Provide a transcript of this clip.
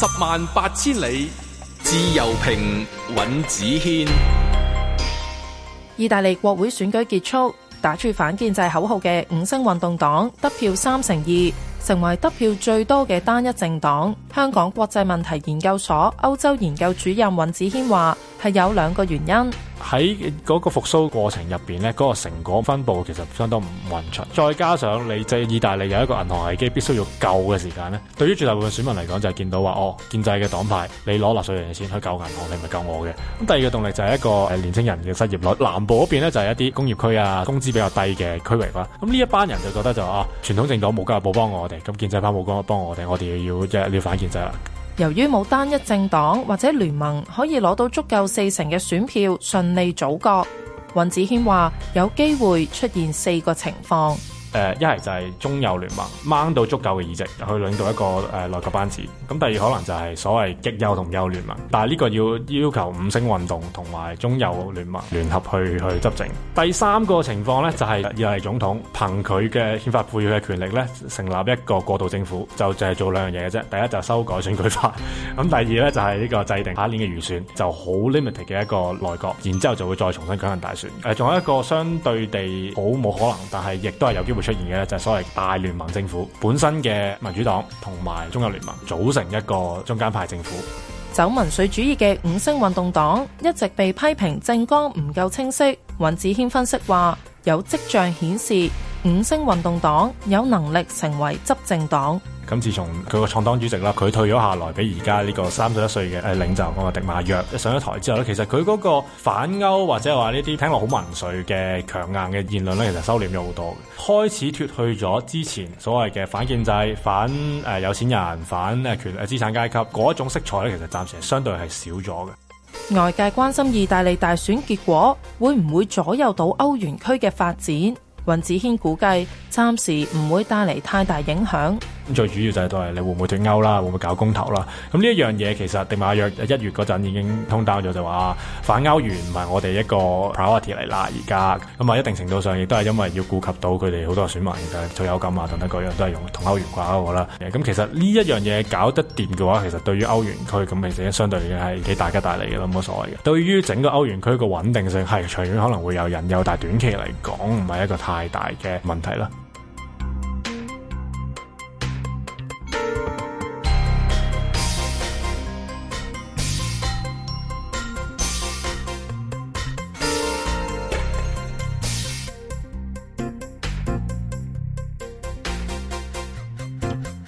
十萬八千里，自由評，尹子軒。意大利國會選舉結束，打出反建制口號嘅五星運動黨得票三成二，成為得票最多嘅單一政黨。香港國際問題研究所歐洲研究主任尹子軒話，係有兩個原因。喺嗰個復甦過程入邊呢，嗰個成果分佈其實相當唔均勻。再加上你製、就是、意大利有一個銀行危機必須要救嘅時間呢，對於絕大部分選民嚟講就係、是、見到話哦，建制嘅黨派你攞納稅人嘅錢去救銀行，你咪救我嘅。咁第二個動力就係一個年輕人嘅失業率，南部嗰邊咧就係一啲工業區啊，工資比較低嘅區域啦。咁、啊、呢一班人就覺得就哦，傳、啊、統政黨冇加入部幫我哋，咁建制派冇幫幫我哋，我哋要即係要，要，要反建制啦。由於冇單一政黨或者聯盟可以攞到足夠四成嘅選票，順利組閣，尹子軒話有機會出現四個情況。誒、呃、一係就係中右聯盟掹到足夠嘅議席去領導一個誒、呃、內閣班子，咁第二可能就係所謂極右同右聯盟，但係呢個要要求五星運動同埋中右聯盟聯合去去執政。第三個情況呢，就係意大利總統憑佢嘅憲法賦予嘅權力呢，成立一個過渡政府，就淨係做兩樣嘢嘅啫。第一就修改選舉法，咁 第二呢，就係、是、呢個制定下一年嘅預算，就好 limit 嘅一個內閣，然之後就會再重新舉行大選。誒、呃，仲有一個相對地好冇可能，但係亦都係有機會。出現嘅就係所謂大聯盟政府，本身嘅民主黨同埋中右聯盟組成一個中間派政府。走民粹主義嘅五星運動黨一直被批評政綱唔夠清晰。尹子軒分析話，有跡象顯示五星運動黨有能力成為執政黨。咁，自從佢個創黨主席啦，佢退咗下來，俾而家呢個三十一歲嘅誒領袖，嗰個迪馬約上咗台之後咧，其實佢嗰個反歐或者話呢啲聽落好民粹嘅強硬嘅言論咧，其實收斂咗好多嘅，開始脫去咗之前所謂嘅反建制、反誒有錢人、反誒權誒資產階級嗰一種色彩咧，其實暫時相對係少咗嘅。外界關心意大利大選結果會唔會左右到歐元區嘅發展？尹子軒估計暫時唔會帶嚟太大影響。最主要就係都係你會唔會脫歐啦，會唔會搞公投啦？咁呢一樣嘢其實，迪馬約一月嗰陣已經 tone down 咗，就話反歐元唔係我哋一個 priority 嚟啦。而家咁啊，一定程度上亦都係因為要顧及到佢哋好多選民嘅最有感啊，等等各樣都係用同歐元掛鈎啦。咁其實呢一樣嘢搞得掂嘅話，其實對於歐元區咁，其實相對係幾大吉大利嘅咯，冇所謂嘅。對於整個歐元區嘅穩定性，係長遠可能會有隱憂，但係短期嚟講唔係一個太大嘅問題咯。